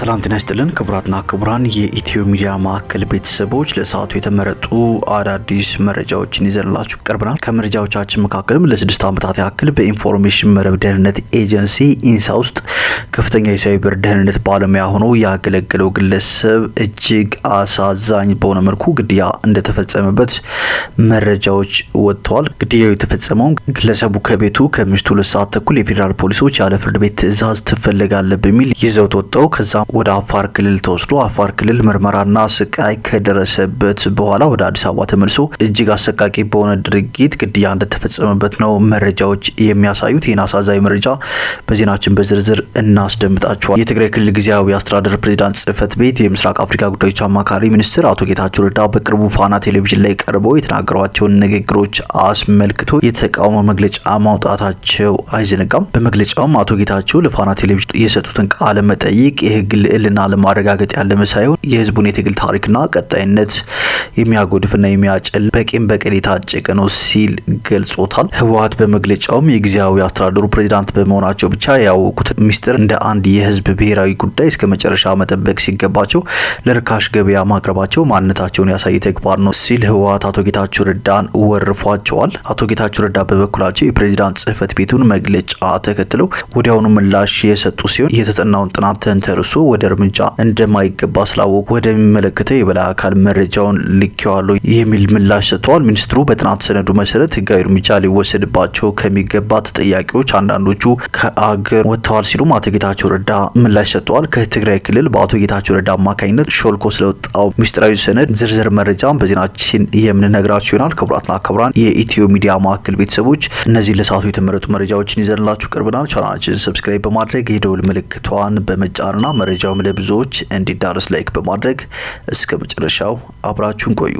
ሰላም ጤና ይስጥልን ክቡራትና ክቡራን የኢትዮ ሚዲያ ማዕከል ቤተሰቦች ለሰዓቱ የተመረጡ አዳዲስ መረጃዎችን ይዘንላችሁ ቀርበናል። ከመረጃዎቻችን መካከልም ለስድስት ዓመታት ያክል በኢንፎርሜሽን መረብ ደህንነት ኤጀንሲ ኢንሳ ውስጥ ከፍተኛ የሳይበር ደህንነት ባለሙያ ሆኖ ያገለገለው ግለሰብ እጅግ አሳዛኝ በሆነ መልኩ ግድያ እንደተፈጸመበት መረጃዎች ወጥተዋል። ግድያው የተፈጸመው ግለሰቡ ከቤቱ ከምሽቱ ሁለት ሰዓት ተኩል የፌዴራል ፖሊሶች ያለ ፍርድ ቤት ትዕዛዝ ትፈለጋለ በሚል ይዘውት ወጥተው ከዛም ወደ አፋር ክልል ተወስዶ አፋር ክልል ምርመራና ስቃይ ከደረሰበት በኋላ ወደ አዲስ አበባ ተመልሶ እጅግ አሰቃቂ በሆነ ድርጊት ግድያ እንደተፈጸመበት ነው መረጃዎች የሚያሳዩት። ይህን አሳዛኝ መረጃ በዜናችን በዝርዝር እናስደምጣቸዋል። የትግራይ ክልል ጊዜያዊ አስተዳደር ፕሬዚዳንት ጽህፈት ቤት የምስራቅ አፍሪካ ጉዳዮች አማካሪ ሚኒስትር አቶ ጌታቸው ረዳ በቅርቡ ፋና ቴሌቪዥን ላይ ቀርበው የተናገሯቸውን ንግግሮች አስመልክቶ የተቃውሞ መግለጫ ማውጣታቸው አይዘነጋም። በመግለጫውም አቶ ጌታቸው ለፋና ቴሌቪዥን የሰጡትን ቃለ መጠይቅ የህግ ልዕልና ለማረጋገጥ ያለመ ሳይሆን የህዝቡን የትግል ታሪክና ቀጣይነት የሚያጎድፍና የሚያጭል በቂም በቀል የታጨቀ ነው ሲል ገልጾታል። ህወሀት በመግለጫውም የጊዜያዊ አስተዳደሩ ፕሬዚዳንት በመሆናቸው ብቻ ያወቁት ሚስጥር እንደ አንድ የህዝብ ብሔራዊ ጉዳይ እስከ መጨረሻ መጠበቅ ሲገባቸው ለርካሽ ገበያ ማቅረባቸው ማንነታቸውን ያሳየ ተግባር ነው ሲል ህወሀት አቶ ጌታቸው ረዳን ወርፏቸዋል። አቶ ጌታቸው ረዳ በበኩላቸው የፕሬዚዳንት ጽህፈት ቤቱን መግለጫ ተከትለው ወዲያውኑ ምላሽ የሰጡ ሲሆን የተጠናውን ጥናት ተንተርሶ ወደ እርምጃ እንደማይገባ ስላወቁ ወደሚመለከተው የበላይ አካል መረጃውን ልኬዋለሁ የሚል ምላሽ ሰጥተዋል። ሚኒስትሩ በጥናት ሰነዱ መሰረት ህጋዊ እርምጃ ሊወሰድባቸው ከሚገባ ተጠያቂዎች አንዳንዶቹ ከአገር ወጥተዋል ሲሉም አቶ ጌታቸው ረዳ ምላሽ ሰጥተዋል። ከትግራይ ክልል በአቶ ጌታቸው ረዳ አማካኝነት ሾልኮ ስለወጣው ሚስጥራዊ ሰነድ ዝርዝር መረጃም በዜናችን የምንነግራችሁ ይሆናል። ክቡራትና ክቡራን የኢትዮ ሚዲያ ማዕከል ቤተሰቦች እነዚህ ለሰዓቱ የተመረጡ መረጃዎችን ይዘንላችሁ ቀርበናል። ቻናችን ሰብስክራይብ በማድረግ የደውል ምልክቷን በመጫንና መረጃውም ለብዙዎች እንዲዳረስ ላይክ በማድረግ እስከ መጨረሻው አብራችሁን ቆዩ።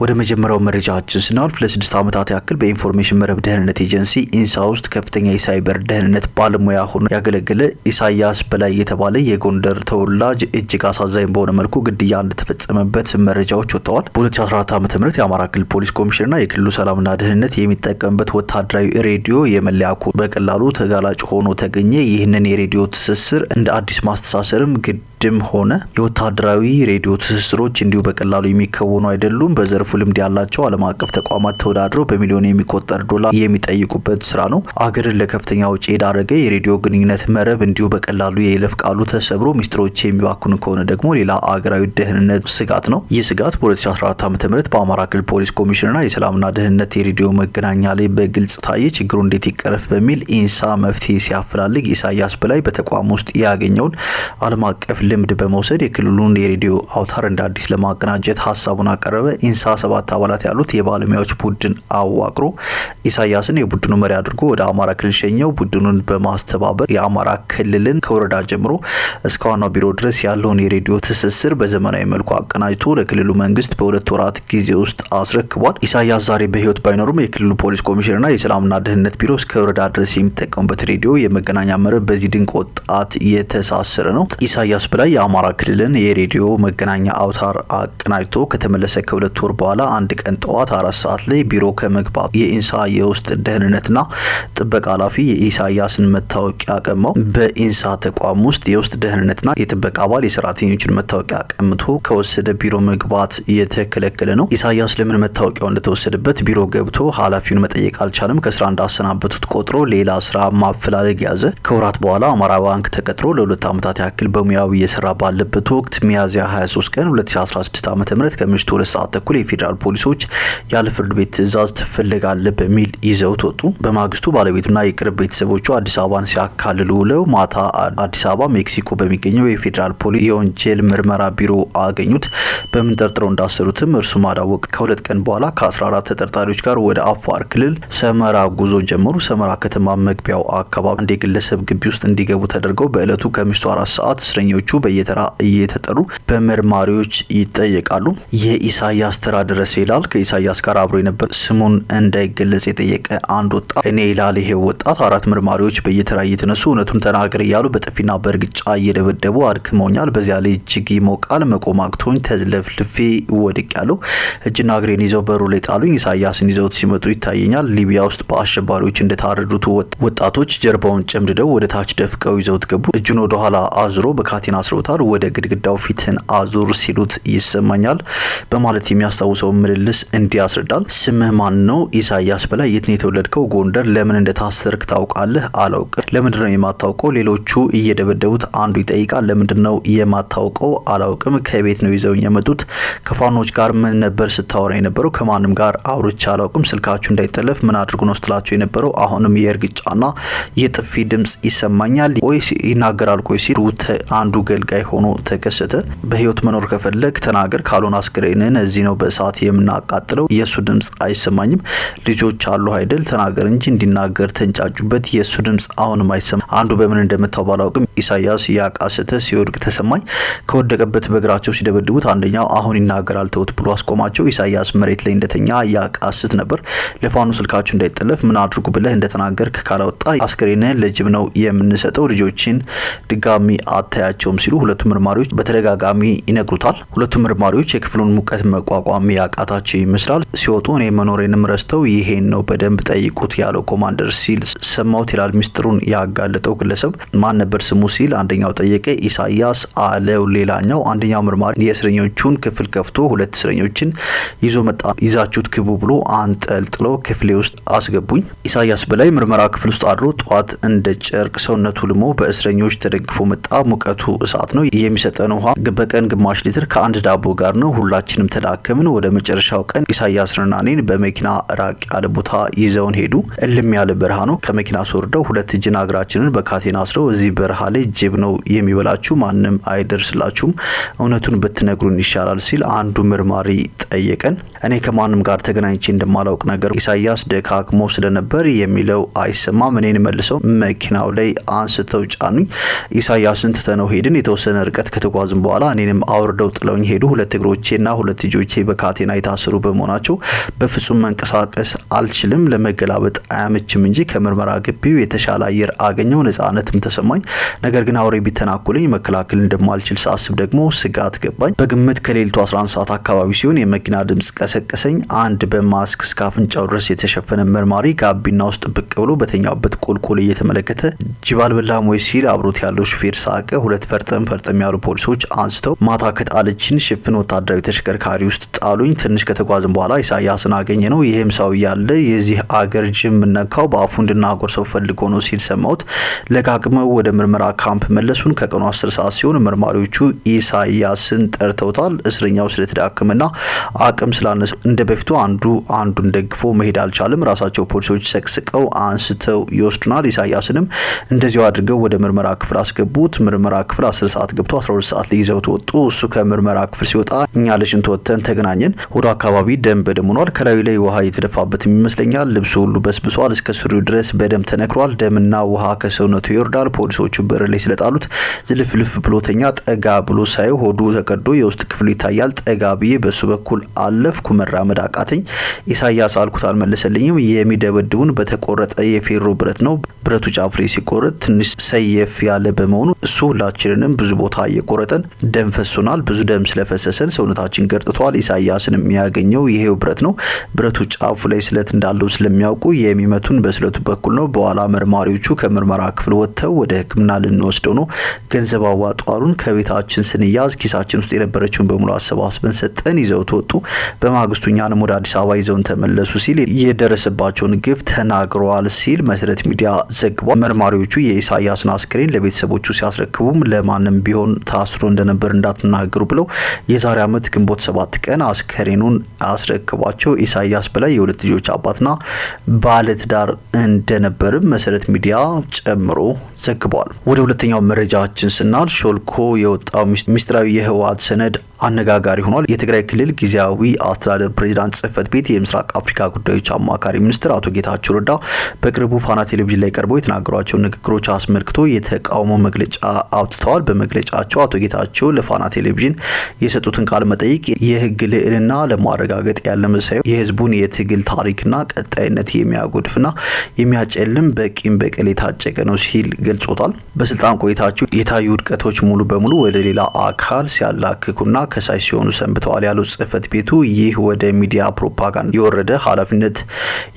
ወደ መጀመሪያው መረጃዎችን ስናልፍ ለስድስት ዓመታት ያክል በኢንፎርሜሽን መረብ ደህንነት ኤጀንሲ ኢንሳ ውስጥ ከፍተኛ የሳይበር ደህንነት ባለሙያ ሆኖ ያገለገለ ኢሳያስ በላይ የተባለ የጎንደር ተወላጅ እጅግ አሳዛኝ በሆነ መልኩ ግድያ እንደተፈጸመበት መረጃዎች ወጥተዋል። በ2014 ዓ ም የአማራ ክልል ፖሊስ ኮሚሽንና የክልሉ ሰላምና ደህንነት የሚጠቀምበት ወታደራዊ ሬዲዮ የመለያ ኮድ በቀላሉ ተጋላጭ ሆኖ ተገኘ። ይህንን የሬዲዮ ትስስር እንደ አዲስ ማስተሳሰርም ግድ ንግድም ሆነ የወታደራዊ ሬዲዮ ትስስሮች እንዲሁ በቀላሉ የሚከወኑ አይደሉም። በዘርፉ ልምድ ያላቸው ዓለም አቀፍ ተቋማት ተወዳድረው በሚሊዮን የሚቆጠር ዶላር የሚጠይቁበት ስራ ነው። አገርን ለከፍተኛ ውጪ የዳረገ የሬዲዮ ግንኙነት መረብ እንዲሁ በቀላሉ የይለፍ ቃሉ ተሰብሮ ሚስጥሮች የሚባክኑ ከሆነ ደግሞ ሌላ አገራዊ ደህንነት ስጋት ነው። ይህ ስጋት በ2014 ዓ ም በአማራ ክልል ፖሊስ ኮሚሽንና የሰላምና ደህንነት የሬዲዮ መገናኛ ላይ በግልጽ ታየ። ችግሩ እንዴት ይቀረፍ በሚል ኢንሳ መፍትሄ ሲያፈላልግ ኢሳያስ በላይ በተቋም ውስጥ ያገኘውን ዓለም አቀፍ ልምድ በመውሰድ የክልሉን የሬዲዮ አውታር እንደ አዲስ ለማቀናጀት ሀሳቡን አቀረበ። ኢንሳ ሰባት አባላት ያሉት የባለሙያዎች ቡድን አዋቅሮ ኢሳያስን የቡድኑ መሪ አድርጎ ወደ አማራ ክልል ሸኘው። ቡድኑን በማስተባበር የአማራ ክልልን ከወረዳ ጀምሮ እስከ ዋናው ቢሮ ድረስ ያለውን የሬዲዮ ትስስር በዘመናዊ መልኩ አቀናጅቶ ለክልሉ መንግስት በሁለት ወራት ጊዜ ውስጥ አስረክቧል። ኢሳያስ ዛሬ በህይወት ባይኖሩም የክልሉ ፖሊስ ኮሚሽንና የሰላምና ደህንነት ቢሮ እስከ ወረዳ ድረስ የሚጠቀሙበት ሬዲዮ የመገናኛ መረብ በዚህ ድንቅ ወጣት የተሳሰረ ነው። ኢሳያስ ላይ የአማራ ክልልን የሬዲዮ መገናኛ አውታር አቀናጅቶ ከተመለሰ ከሁለት ወር በኋላ አንድ ቀን ጠዋት አራት ሰዓት ላይ ቢሮ ከመግባት የኢንሳ የውስጥ ደህንነትና ጥበቃ ኃላፊ የኢሳያስን መታወቂያ ቀማው። በኢንሳ ተቋም ውስጥ የውስጥ ደህንነትና የጥበቃ አባል የሰራተኞችን መታወቂያ ቀምቶ ከወሰደ ቢሮ መግባት የተከለከለ ነው። ኢሳያስ ለምን መታወቂያው እንደተወሰደበት ቢሮ ገብቶ ኃላፊውን መጠየቅ አልቻለም። ከስራ እንዳሰናበቱት ቆጥሮ ሌላ ስራ ማፈላለግ ያዘ። ከወራት በኋላ አማራ ባንክ ተቀጥሮ ለሁለት ዓመታት ያክል በሙያዊ እየሰራ ባለበት ወቅት ሚያዝያ 23 ቀን 2016 ዓ ም ከምሽቱ ሁለት ሰዓት ተኩል የፌዴራል ፖሊሶች ያለ ፍርድ ቤት ትዕዛዝ ትፈልጋለ በሚል ይዘውት ወጡ። በማግስቱ ባለቤቱና የቅርብ ቤተሰቦቹ አዲስ አበባን ሲያካልሉ ውለው ማታ አዲስ አበባ ሜክሲኮ በሚገኘው የፌዴራል ፖሊስ የወንጀል ምርመራ ቢሮ አገኙት። በምን ጠርጥረው እንዳሰሩትም እርሱ ማዳወቅ። ከሁለት ቀን በኋላ ከ14 ተጠርጣሪዎች ጋር ወደ አፋር ክልል ሰመራ ጉዞ ጀመሩ። ሰመራ ከተማ መግቢያው አካባቢ አንድ የግለሰብ ግቢ ውስጥ እንዲገቡ ተደርገው በዕለቱ ከምሽቱ አራት ሰዓት እስረኞቹ ሰዎቹ በየተራ እየተጠሩ በመርማሪዎች ይጠየቃሉ። የኢሳያስ ተራ ድረስ ይላል። ከኢሳያስ ጋር አብሮ የነበር ስሙን እንዳይገለጽ የጠየቀ አንድ ወጣት እኔ ይላል። ይሄ ወጣት አራት መርማሪዎች በየተራ እየተነሱ እውነቱን ተናገር እያሉ በጥፊና በእርግጫ እየደበደቡ አድክመውኛል። በዚያ ላይ እጅግ ይሞቃል። መቆም አቅቶኝ ተዝለፍልፌ ወድቅ ያለው እጅና እግሬን ይዘው በሩ ላይ ጣሉኝ። ኢሳያስን ይዘውት ሲመጡ ይታየኛል። ሊቢያ ውስጥ በአሸባሪዎች እንደታረዱት ወጣቶች ጀርባውን ጨምድደው ወደ ታች ደፍቀው ይዘውት ገቡ። እጁን ወደኋላ አዝሮ በካቴና አስረውታል፣ ወደ ግድግዳው ፊትን አዙር ሲሉት ይሰማኛል በማለት የሚያስታውሰው ምልልስ እንዲህ ያስረዳል። ስምህ ማን ነው? ኢሳያስ በላይ። የት ነው የተወለድከው? ጎንደር። ለምን እንደታሰርክ ታውቃለህ? አላውቅም። ለምንድን ነው የማታውቀው? ሌሎቹ እየደበደቡት አንዱ ይጠይቃል። ለምንድን ነው የማታውቀው? አላውቅም። ከቤት ነው ይዘውኝ የመጡት። ከፋኖች ጋር ምን ነበር ስታወራ የነበረው? ከማንም ጋር አውርቼ አላውቅም። ስልካችሁ እንዳይጠለፍ ምን አድርጉ ነው ስትላቸው የነበረው። አሁንም የእርግጫና የጥፊ ድምጽ ይሰማኛል። ቆይ ይናገራል። ቆይ ሲል አንዱ አገልጋይ ሆኖ ተከሰተ። በህይወት መኖር ከፈለግ ተናገር፣ ካልሆነ አስክሬንን እዚህ ነው በእሳት የምናቃጥለው። የእሱ ድምፅ አይሰማኝም። ልጆች አሉ አይደል? ተናገር እንጂ እንዲናገር ተንጫጩበት። የእሱ ድምፅ አሁንም አይሰማ። አንዱ በምን እንደመታው ባላውቅም ኢሳያስ ያቃሰተ ሲወድቅ ተሰማኝ። ከወደቀበት በእግራቸው ሲደበድቡት አንደኛው አሁን ይናገራል ተውት ብሎ አስቆማቸው። ኢሳያስ መሬት ላይ እንደተኛ ያቃስት ነበር። ለፋኑ ስልካችሁ እንዳይጠለፍ ምን አድርጉ ብለህ እንደተናገርክ ካላወጣ አስክሬንህን ለጅብ ነው የምንሰጠው። ልጆችን ድጋሚ አታያቸውም ሲሉ ሁለቱ ምርማሪዎች በተደጋጋሚ ይነግሩታል። ሁለቱ ምርማሪዎች የክፍሉን ሙቀት መቋቋም ያቃታቸው ይመስላል። ሲወጡ እኔ መኖሬንም ረስተው ይሄን ነው በደንብ ጠይቁት ያለው ኮማንደር ሲል ሰማሁት ይላል። ሚስጥሩን ያጋለጠው ግለሰብ ማን ነበር ስሙ ሲል አንደኛው ጠየቀ። ኢሳያስ አለው ሌላኛው። አንደኛው ምርማሪ የእስረኞቹን ክፍል ከፍቶ ሁለት እስረኞችን ይዞ መጣ። ይዛችሁት ግቡ ብሎ አንጠልጥለው ክፍሌ ውስጥ አስገቡኝ። ኢሳያስ በላይ ምርመራ ክፍል ውስጥ አድሮ ጠዋት እንደ ጨርቅ ሰውነቱ ልሞ በእስረኞች ተደግፎ መጣ። ሙቀቱ እሳ ሰዓት ነው የሚሰጠን ውሃ በቀን ግማሽ ሊትር ከአንድ ዳቦ ጋር ነው። ሁላችንም ተዳከምን። ወደ መጨረሻው ቀን ኢሳያስንና እኔን በመኪና ራቅ ያለ ቦታ ይዘውን ሄዱ። እልም ያለ በረሃ ነው። ከመኪና ስወርደው ሁለት እጅና እግራችንን በካቴና አስረው እዚህ በረሃ ላይ ጅብ ነው የሚበላችሁ፣ ማንም አይደርስላችሁም፣ እውነቱን ብትነግሩን ይሻላል ሲል አንዱ ምርማሪ ጠየቀን። እኔ ከማንም ጋር ተገናኝቼ እንደማላውቅ ነገር ኢሳያስ ደካክሞ ስለነበር የሚለው አይሰማም። እኔን መልሰው መኪናው ላይ አንስተው ጫኑኝ። ኢሳያስን ትተነው ሄድን። የተወሰነ ርቀት ከተጓዝም በኋላ እኔንም አውርደው ጥለውኝ ሄዱ። ሁለት እግሮቼና ሁለት እጆቼ በካቴና የታሰሩ በመሆናቸው በፍጹም መንቀሳቀስ አልችልም። ለመገላበጥ አያመችም እንጂ ከምርመራ ግቢው የተሻለ አየር አገኘው፣ ነጻነትም ተሰማኝ። ነገር ግን አውሬ ቢተናኩልኝ መከላከል እንደማልችል ሳስብ ደግሞ ስጋት ገባኝ። በግምት ከሌሊቱ 11 ሰዓት አካባቢ ሲሆን የመኪና ድምጽ ቀስ የቀሰቀሰኝ አንድ በማስክ እስከ አፍንጫው ድረስ የተሸፈነ መርማሪ ጋቢና ውስጥ ብቅ ብሎ በተኛበት ቁልቁል እየተመለከተ ጅባል አልበላም ወይ ሲል አብሮት ያለው ሹፌር ሳቀ። ሁለት ፈርጠም ፈርጠም ያሉ ፖሊሶች አንስተው ማታ ከጣለችን ሽፍን ወታደራዊ ተሽከርካሪ ውስጥ ጣሉኝ። ትንሽ ከተጓዝን በኋላ ኢሳያስን አገኘ ነው። ይህም ሰው እያለ የዚህ አገር ጅም ነካው በአፉ እንድናጎርሰው ፈልጎ ነው ሲል ሰማሁት። ለቃቅመው ወደ ምርመራ ካምፕ መለሱን። ከቀኑ አስር ሰዓት ሲሆን መርማሪዎቹ ኢሳያስን ጠርተውታል። እስረኛው ስለተዳክምና አቅም ስላ እንደ በፊቱ አንዱ አንዱን ደግፎ መሄድ አልቻለም። ራሳቸው ፖሊሶች ሰቅስቀው አንስተው ይወስዱናል። ኢሳያስንም እንደዚሁ አድርገው ወደ ምርመራ ክፍል አስገቡት። ምርመራ ክፍል 10 ሰዓት ገብቶ 12 ሰዓት ላይ ይዘው ተወጡ። እሱ ከምርመራ ክፍል ሲወጣ እኛ ልሽንት ወጥተን ተገናኘን። ወደ አካባቢ ደም በደም ሆኗል። ከላዩ ላይ ውሃ የተደፋበትም ይመስለኛል። ልብሱ ሁሉ በስብሷል። እስከ ሱሪው ድረስ በደም ተነክሯል። ደምና ውሃ ከሰውነቱ ይወርዳል። ፖሊሶቹ በር ላይ ስለጣሉት ዝልፍልፍ ብሎተኛ ጠጋ ብሎ ሳይ ሆዱ ተቀዶ የውስጥ ክፍሉ ይታያል። ጠጋ ብዬ በሱ በኩል አለፍ በቻልኩ መራመድ አቃተኝ። ኢሳያስ አልኩት፣ አልመለሰልኝም። የሚደበድቡን በተቆረጠ የፌሮ ብረት ነው። ብረቱ ጫፍ ላይ ሲቆረጥ ትንሽ ሰየፍ ያለ በመሆኑ እሱ ሁላችንንም ብዙ ቦታ እየቆረጠን ደም ፈሶናል። ብዙ ደም ስለፈሰሰን ሰውነታችን ገርጥቷል። ኢሳያስን የሚያገኘው ይሄው ብረት ነው። ብረቱ ጫፉ ላይ ስለት እንዳለው ስለሚያውቁ የሚመቱን በስለቱ በኩል ነው። በኋላ መርማሪዎቹ ከምርመራ ክፍል ወጥተው ወደ ሕክምና ልንወስደው ነው። ገንዘብ አዋጧሉን። ከቤታችን ስንያዝ ኪሳችን ውስጥ የነበረችውን በሙሉ አሰባስበን ሰጠን። ይዘውት ወጡ። በማግስቱ እኛንም ወደ አዲስ አበባ ይዘውን ተመለሱ ሲል የደረሰባቸውን ግፍ ተናግረዋል ሲል መሰረት ሚዲያ ዘግቧል። መርማሪዎቹ የኢሳያስን አስክሬን ለቤተሰቦቹ ሲያስረክቡም ለማንም ቢሆን ታስሮ እንደነበር እንዳትናገሩ ብለው የዛሬ ዓመት ግንቦት ሰባት ቀን አስከሬኑን አስረክቧቸው ኢሳያስ በላይ የሁለት ልጆች አባትና ባለትዳር እንደነበርም መሰረት ሚዲያ ጨምሮ ዘግቧል። ወደ ሁለተኛው መረጃችን ስናል ሾልኮ የወጣው ሚስጥራዊ የህወሓት ሰነድ አነጋጋሪ ሆኗል። የትግራይ ክልል ጊዜያዊ አስተዳደር ፕሬዚዳንት ጽህፈት ቤት የምስራቅ አፍሪካ ጉዳዮች አማካሪ ሚኒስትር አቶ ጌታቸው ረዳ በቅርቡ ፋና ቴሌቪዥን ላይ ቀርበው የተናገሯቸውን ንግግሮች አስመልክቶ የተቃውሞ መግለጫ አውጥተዋል። በመግለጫቸው አቶ ጌታቸው ለፋና ቴሌቪዥን የሰጡትን ቃለ መጠይቅ የህግ ልዕልና ለማረጋገጥ ያለመ ሳይሆን የህዝቡን የትግል ታሪክና ቀጣይነት የሚያጎድፍና የሚያጨልም በቂም በቀል የታጨቀ ነው ሲል ገልጾታል። በስልጣን ቆይታቸው የታዩ ውድቀቶች ሙሉ በሙሉ ወደ ሌላ አካል ሲያላክኩና ከሳሽ ሲሆኑ ሰንብተዋል ያሉት ጽህፈት ቤቱ ይህ ወዲህ ወደ ሚዲያ ፕሮፓጋንዳ የወረደ ኃላፊነት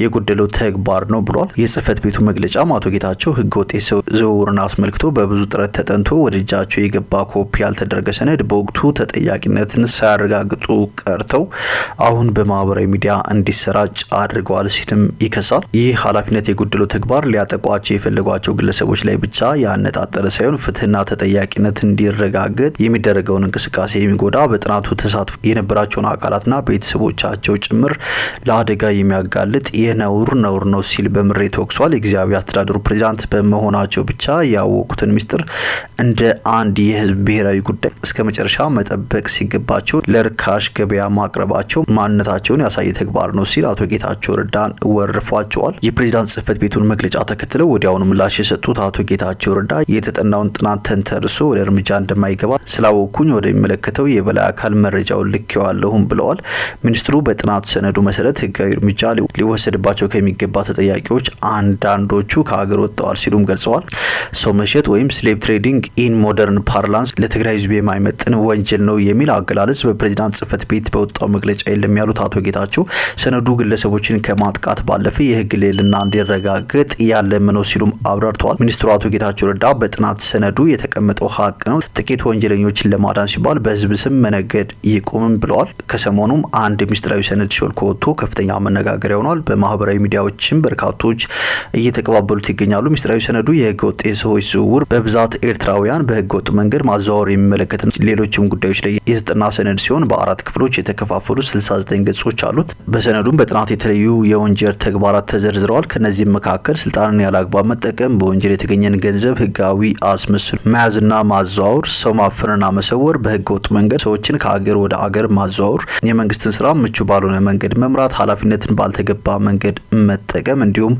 የጎደለው ተግባር ነው ብሏል። የጽህፈት ቤቱ መግለጫ አቶ ጌታቸው ህገወጥ ዝውውርን አስመልክቶ በብዙ ጥረት ተጠንቶ ወደ እጃቸው የገባ ኮፒ ያልተደረገ ሰነድ በወቅቱ ተጠያቂነትን ሳያረጋግጡ ቀርተው አሁን በማህበራዊ ሚዲያ እንዲሰራጭ አድርገዋል ሲልም ይከሳል። ይህ ኃላፊነት የጎደለው ተግባር ሊያጠቋቸው የፈለጓቸው ግለሰቦች ላይ ብቻ ያነጣጠረ ሳይሆን ፍትህና ተጠያቂነት እንዲረጋገጥ የሚደረገውን እንቅስቃሴ የሚጎዳ በጥናቱ ተሳትፎ የነበራቸውን አካላትና ቤተሰብ ቤተሰቦቻቸው ጭምር ለአደጋ የሚያጋልጥ ይህ ነውር ነውር ነው ሲል በምሬት ወቅሷል። የጊዜያዊ አስተዳደሩ ፕሬዚዳንት በመሆናቸው ብቻ ያወቁትን ሚስጥር እንደ አንድ የህዝብ ብሔራዊ ጉዳይ እስከ መጨረሻ መጠበቅ ሲገባቸው ለርካሽ ገበያ ማቅረባቸው ማንነታቸውን ያሳየ ተግባር ነው ሲል አቶ ጌታቸው ረዳን ወርፏቸዋል። የፕሬዚዳንት ጽህፈት ቤቱን መግለጫ ተከትለው ወዲያውኑ ምላሽ የሰጡት አቶ ጌታቸው ረዳ የተጠናውን ጥናት ተንተርሶ ወደ እርምጃ እንደማይገባ ስላወኩኝ ወደሚመለከተው የበላይ አካል መረጃውን ልኬዋለሁም ብለዋል። ሚኒስትሩ በጥናት ሰነዱ መሰረት ህጋዊ እርምጃ ሊወሰድባቸው ከሚገባ ተጠያቂዎች አንዳንዶቹ ከሀገር ወጥተዋል ሲሉም ገልጸዋል። ሰው መሸጥ ወይም ስሌቭ ትሬዲንግ ኢን ሞደርን ፓርላንስ ለትግራይ ህዝብ የማይመጥን ወንጀል ነው የሚል አገላለጽ በፕሬዚዳንት ጽህፈት ቤት በወጣው መግለጫ የለም ያሉት አቶ ጌታቸው ሰነዱ ግለሰቦችን ከማጥቃት ባለፈ የህግ ልዕልና እንዲረጋገጥ ያለመ ነው ሲሉም አብራርተዋል። ሚኒስትሩ አቶ ጌታቸው ረዳ በጥናት ሰነዱ የተቀመጠው ሀቅ ነው፣ ጥቂት ወንጀለኞችን ለማዳን ሲባል በህዝብ ስም መነገድ ይቁምም ብለዋል። ከሰሞኑም አንድ ሚስጥራዊ ሰነድ ሾልኮ ወጥቶ ከፍተኛ መነጋገሪያ ሆኗል። በማህበራዊ ሚዲያዎችም በርካቶች እየተቀባበሉት ይገኛሉ። ምስጢራዊ ሰነዱ የህገ ወጥ የሰዎች ዝውውር በብዛት ኤርትራውያን በህገ ወጥ መንገድ ማዘዋወር የሚመለከት ሌሎችም ጉዳዮች ላይ የተጠና ሰነድ ሲሆን በአራት ክፍሎች የተከፋፈሉ 69 ገጾች አሉት። በሰነዱም በጥናት የተለዩ የወንጀል ተግባራት ተዘርዝረዋል። ከነዚህም መካከል ስልጣንን ያለ አግባብ መጠቀም፣ በወንጀል የተገኘን ገንዘብ ህጋዊ አስመስሎ መያዝና ማዘዋወር፣ ሰው ማፈንና መሰወር፣ በህገ ወጥ መንገድ ሰዎችን ከአገር ወደ አገር ማዘዋወር፣ የመንግስት የመንግስትን ስራ ምቹ ባልሆነ መንገድ መምራት፣ ኃላፊነትን ባልተገባ መንገድ መጠቀም እንዲሁም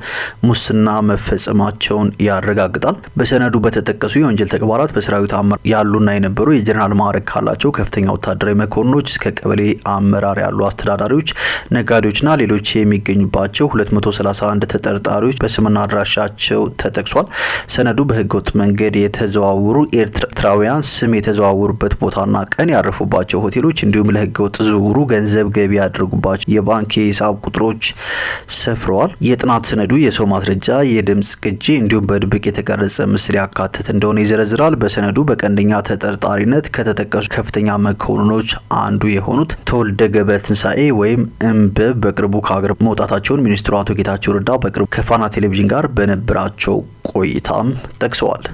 ሙስና መፈጸማቸውን ያረጋግጣል። በሰነዱ በተጠቀሱ የወንጀል ተግባራት በሰራዊት አመራር ያሉና የነበሩ የጀኔራል ማዕረግ ካላቸው ከፍተኛ ወታደራዊ መኮንኖች እስከ ቀበሌ አመራር ያሉ አስተዳዳሪዎች፣ ነጋዴዎችና ሌሎች የሚገኙባቸው 231 ተጠርጣሪዎች በስምና አድራሻቸው ተጠቅሷል። ሰነዱ በህገወጥ መንገድ የተዘዋወሩ ኤርትራውያን ስም የተዘዋወሩበት ቦታና ቀን ያረፉባቸው ሆቴሎች እንዲሁም ለህገወጥ ዝውውሩ ገንዘብ ገንዘብ ገቢ ያደረጉባቸው የባንክ የሂሳብ ቁጥሮች ሰፍረዋል። የጥናት ሰነዱ የሰው ማስረጃ፣ የድምፅ ቅጂ እንዲሁም በድብቅ የተቀረጸ ምስል ያካተት እንደሆነ ይዘረዝራል። በሰነዱ በቀንደኛ ተጠርጣሪነት ከተጠቀሱ ከፍተኛ መኮንኖች አንዱ የሆኑት ተወልደ ገብረ ትንሳኤ ወይም እምበብ በቅርቡ ከሀገር መውጣታቸውን ሚኒስትሩ አቶ ጌታቸው ረዳ በቅርቡ ከፋና ቴሌቪዥን ጋር በነበራቸው ቆይታም ጠቅሰዋል።